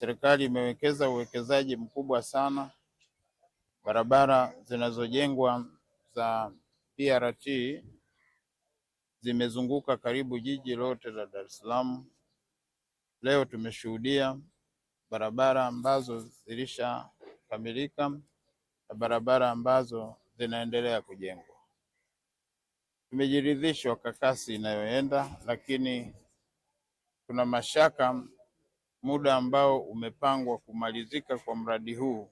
Serikali imewekeza uwekezaji mkubwa sana, barabara zinazojengwa za prt zimezunguka karibu jiji lote la Dar es Salaam. Leo tumeshuhudia barabara ambazo zilishakamilika na barabara ambazo zinaendelea kujengwa. Tumejiridhishwa kwa kasi inayoenda, lakini kuna mashaka muda ambao umepangwa kumalizika kwa mradi huu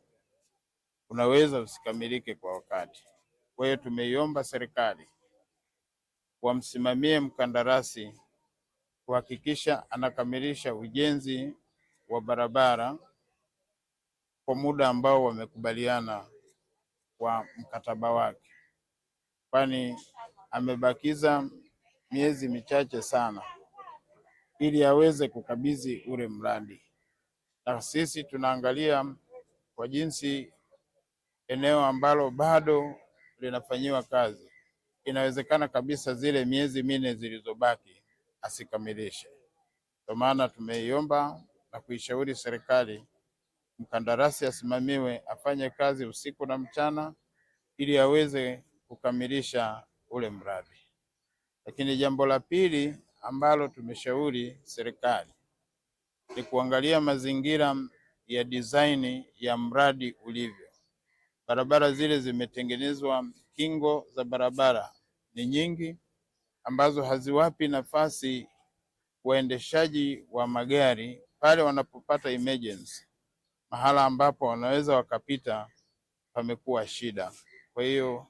unaweza usikamilike kwa wakati. Kwa hiyo tumeiomba serikali wamsimamie mkandarasi kuhakikisha anakamilisha ujenzi wa barabara kwa muda ambao wamekubaliana kwa mkataba wake, kwani amebakiza miezi michache sana ili aweze kukabidhi ule mradi, na sisi tunaangalia kwa jinsi eneo ambalo bado linafanyiwa kazi, inawezekana kabisa zile miezi minne zilizobaki asikamilishe. Kwa maana tumeiomba na kuishauri serikali, mkandarasi asimamiwe, afanye kazi usiku na mchana, ili aweze kukamilisha ule mradi. Lakini jambo la pili ambalo tumeshauri serikali ni kuangalia mazingira ya design ya mradi ulivyo. Barabara zile zimetengenezwa, kingo za barabara ni nyingi ambazo haziwapi nafasi waendeshaji wa magari pale wanapopata emergency, mahala ambapo wanaweza wakapita pamekuwa shida. Kwa hiyo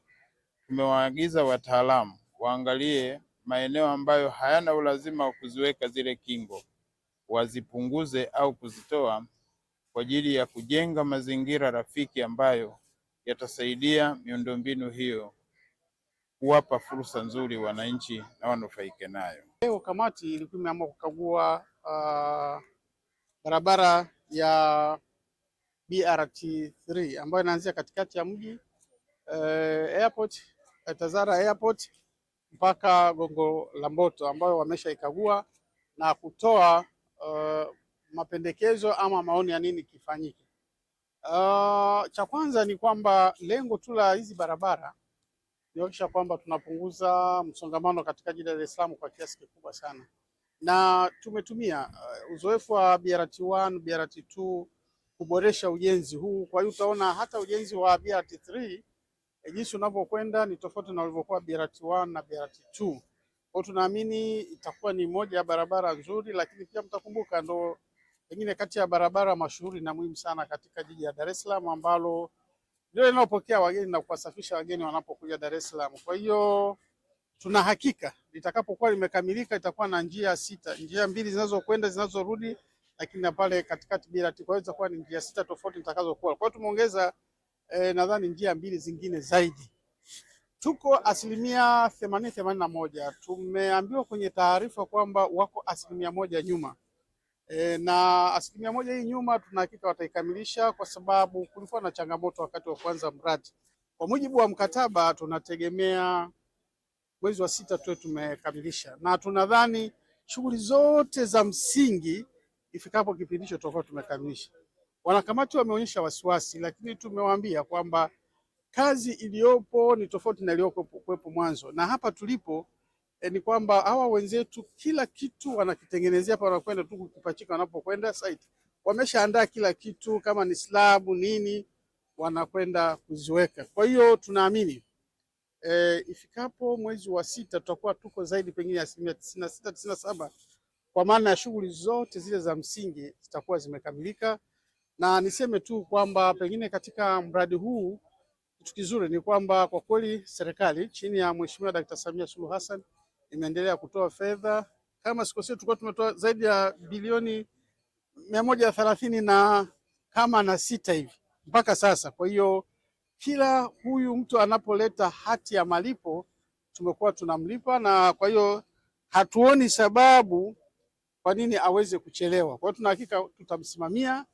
tumewaagiza wataalamu waangalie maeneo ambayo hayana ulazima wa kuziweka zile kingo wazipunguze au kuzitoa kwa ajili ya kujenga mazingira rafiki ambayo yatasaidia miundombinu hiyo kuwapa fursa nzuri wananchi na wanufaike nayo. Leo kamati ilikuwa imeamua kukagua uh, barabara ya BRT3 ambayo inaanzia katikati ya mji uh, airport, Tazara airport mpaka Gongo la Mboto ambayo wameshaikagua na kutoa uh, mapendekezo ama maoni ya nini kifanyike. Uh, cha kwanza ni kwamba lengo tu la hizi barabara ni kuhakikisha kwamba tunapunguza msongamano katika jiji la Dar es Salaam kwa kiasi kikubwa sana, na tumetumia uh, uzoefu wa BRT1, BRT2 kuboresha ujenzi huu. Kwa hiyo utaona hata ujenzi wa BRT3 e, jinsi unavyokwenda ni tofauti na ulivyokuwa BRT1 na BRT2. Kwa tunaamini itakuwa ni moja ya barabara nzuri, lakini pia mtakumbuka ndo pengine kati ya barabara mashuhuri na muhimu sana katika jiji la Dar es Salaam ambalo ndio linalopokea wageni na kuwasafisha wageni wanapokuja Dar es Salaam. Kwa hiyo tuna hakika litakapokuwa limekamilika itakuwa na njia sita, njia mbili zinazokwenda zinazorudi, lakini na pale katikati BRT. Kwa hiyo itakuwa ni njia sita tofauti zitakazokuwa. Kwa hiyo tumeongeza e, nadhani njia mbili zingine zaidi. Tuko asilimia themanini themanini na moja. Tumeambiwa kwenye taarifa kwamba wako asilimia moja nyuma e, na asilimia moja hii nyuma tunahakika wataikamilisha kwa sababu kulikuwa na changamoto wakati wa kwanza mradi. Kwa mujibu wa mkataba tunategemea mwezi wa sita tuwe tumekamilisha, na tunadhani shughuli zote za msingi ifikapo kipindi hicho tutakuwa tumekamilisha. Wanakamati wameonyesha wasiwasi, lakini tumewaambia kwamba kazi iliyopo ni tofauti na iliyokuwepo mwanzo, na hapa tulipo eh, ni kwamba hawa wenzetu kila kitu wanakitengenezea hapa, wanakwenda tu kukipachika wanapokwenda site. Wameshaandaa kila kitu, kama ni slabu nini wanakwenda kuziweka. Kwa hiyo tunaamini eh, ifikapo mwezi wa sita tutakuwa tuko zaidi pengine asilimia tisini na sita tisini na saba kwa maana ya shughuli zote zile za msingi zitakuwa zimekamilika na niseme tu kwamba pengine katika mradi huu kitu kizuri ni kwamba kwa kweli serikali chini ya Mheshimiwa Dakta Samia Suluhu Hassan imeendelea kutoa fedha, kama sikosei, tulikuwa tumetoa zaidi ya bilioni mia moja thelathini na kama na sita hivi mpaka sasa. Kwa hiyo kila huyu mtu anapoleta hati ya malipo tumekuwa tunamlipa, na kwa hiyo hatuoni sababu kwa nini aweze kuchelewa. Kwa hiyo tunahakika tutamsimamia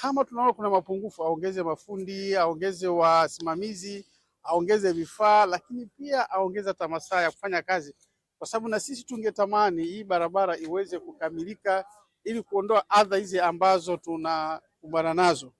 kama tunaona kuna mapungufu, aongeze mafundi, aongeze wasimamizi, aongeze vifaa, lakini pia aongeze hata masaa ya kufanya kazi, kwa sababu na sisi tungetamani hii barabara iweze kukamilika ili kuondoa adha hizi ambazo tunakumbana nazo.